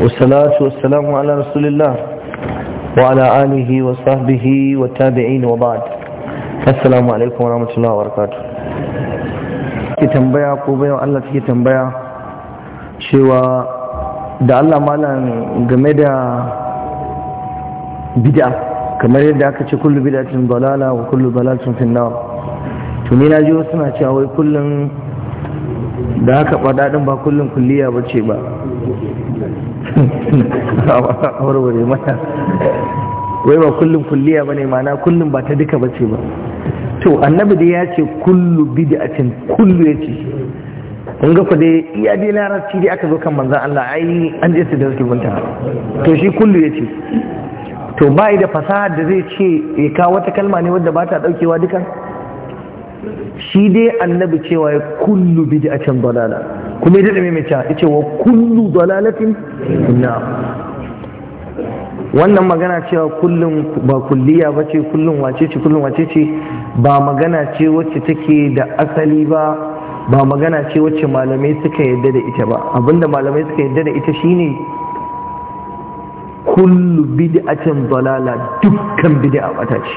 والصلاة والسلام على رسول الله وعلى آله وصحبه والتابعين وبعد السلام عليكم ورحمة الله وبركاته ke tambaya ko bayan Allah take tambaya cewa da Allah malam game da bid'a kamar yadda aka ce kullu bid'atin dalala wa kullu dalalatin fi nar to ni naji wasu na cewa wai kullun da aka fada din ba kullun kulliya bace ba a warware mata wai ba kullum kulliya ba ne? mana kullum ba ta duka ba ce ba to annabi dai ya ce kullu cin kullu yace in ga ku dai iya dai larabci dai aka zo kan manzan Allah ai an je su da suke bunta to shi kullu ya ce. to bai da fasahar da zai ce ya kawo wata kalma ne wadda ba ta daukewa dukan shi dai annabi cewa ya kullu bi a can dalala kuma ya dade mai cewa ce wa kullu dalalatin na wannan magana cewa kullum ba kulliya ba ce kullum wace ce kullum wace ce ba magana ce wacce take da asali ba ba magana ce wacce malamai suka yadda da ita ba abinda malamai suka yadda da ita shine kullu bid'atin dalala dukkan bid'a bata ce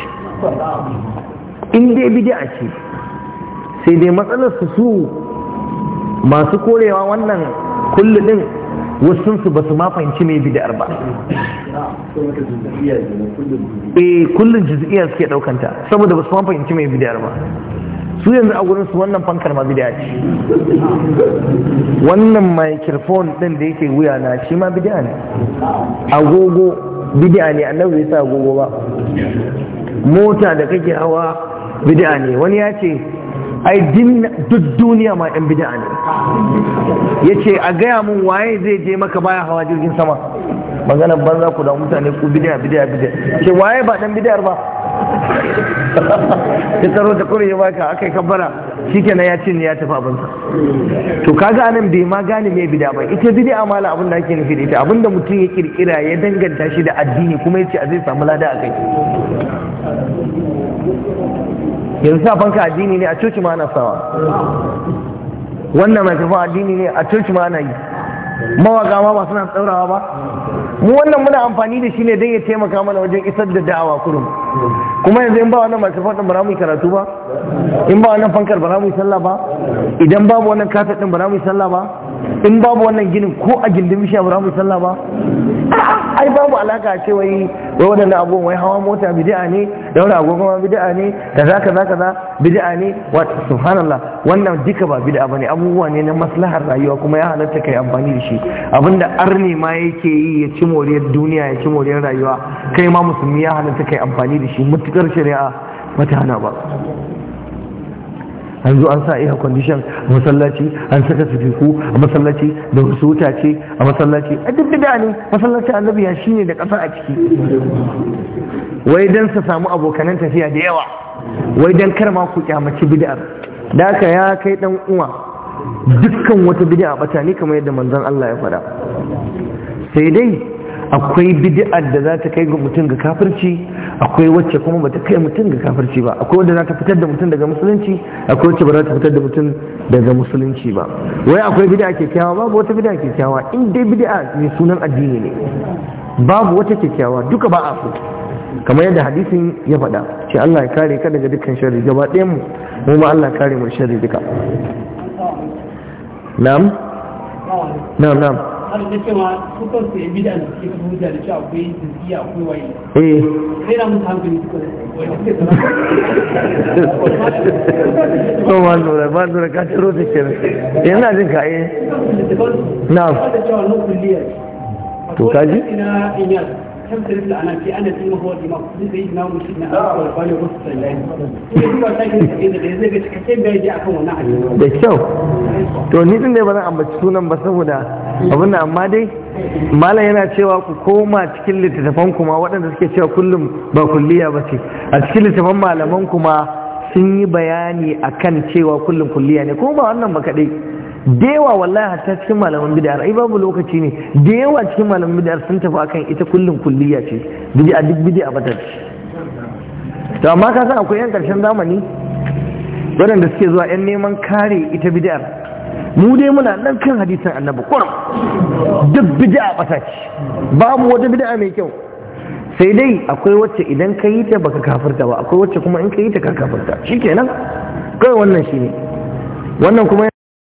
in dai bid'a ce sai dai matsalar su su masu korewa wannan kullum din wasu su ba su ma fahimci mai bidiyar ba eh kullun juz'iyya suke daukanta saboda ba su ma fahimci mai bidiyar ba su yanzu a gurin su wannan fankar ma bid'a ce wannan microphone din da yake wuya na shi ma bid'a ne agogo bid'a ne annabi ya sa agogo ba mota da kake hawa bid'a ne wani ya ce ai duk duniya ma yan bid'a ne yace ce a gaya mun waye zai je maka baya hawa jirgin sama maganar banza ku da mutane ku bid'a bid'a bid'a ce waye ba dan bid'ar ba ya tsaro da kuri ya baka aka kabbara shikenan ya cinye ya tafi sa. to kaga anan bai ma gane me bid'a ba ita bid'a mala abin da ake nufi ita abin da mutum ya kirkira ya danganta shi da addini kuma ya ce a zai samu lada a kai yanzu sa fanka addini ne a coci ma ana sawa wannan microphone addini ne a coci ma ana yi mawaka ma ba suna tsaurawa ba mu wannan muna amfani da shi ne don ya taimaka mana wajen isar da da'awa kurum kuma yanzu in ba wannan microphone din ba mu yi karatu ba in ba wannan fankar ba mu yi sallah ba idan babu wannan kafet din ba mu yi sallah ba in babu wannan ginin ko a gindin bishiya ba mu yi sallah ba ai babu alaka ce wai wai waɗanda abubuwan wai hawa mota bid'a ne daura agogo ma bid'a ne kaza kaza kaza bid'a ne wato subhanallah wannan duka ba bid'a bane abubuwa ne na maslahar rayuwa kuma ya halatta kai amfani da shi abinda arne ma yake yi ya ci moriyar duniya ya ci moriyar rayuwa kai ma musulmi ya halatta kai amfani da shi mutukar shari'a mata hana ba an zo an sa air condition a masallaci an saka sifiku a masallaci da wasu wuta ce a masallaci a duk da ne masallaci annabi ya shine da kasa a ciki wai dan sa samu abokanan tafiya da yawa wai dan kar ma ku kyamaci bid'ar da aka ya kai dan uwa dukkan wata bid'a bata ne kamar yadda manzon Allah ya faɗa sai dai akwai bid'ar da za ta kai ga mutum ga kafirci akwai wacce kuma bata kai mutum ga kafirci ba akwai wanda za ta fitar da mutum daga musulunci akwai wacce ba za ta fitar da mutum daga musulunci ba wai akwai bid'a kyakkyawa babu wata bid'a kyakkyawa in dai bid'a mai sunan addini ne babu wata kyakkyawa duka ba a so kamar yadda hadisin ya faɗa ce Allah ya kare ka daga dukkan sharri gaba ɗayan mu mu ma Allah ya kare mu sharri duka na'am na'am na'am har ko yana eh. jin ka eh. yi na da to kaji ina da kyau ni din ne ba sunan ba saboda abin amma dai malam yana cewa ku koma cikin littattafan kuma waɗanda suke cewa kullum ba kulliya ba ce a cikin littattafan malaman kuma sun yi bayani a kan cewa kullum kulliya ne kuma ba wannan ba kaɗai da yawa wallahi hatta cikin malaman bid'ar ai babu lokaci ne da yawa cikin malaman bid'ar sun tafi akan ita kullum kulliya ce bid'a duk bid'a ta ce to amma ka san akwai yan karshen zamani waɗanda suke zuwa yan neman kare ita bid'ar mu dai muna nan kan hadisin annabi kurum duk bid'a bata ce babu wata bid'a mai kyau sai dai akwai wacce idan ka yi ta baka kafirta ba akwai wacce kuma in ka yi ta ka kafirta shikenan kai wannan shine wannan kuma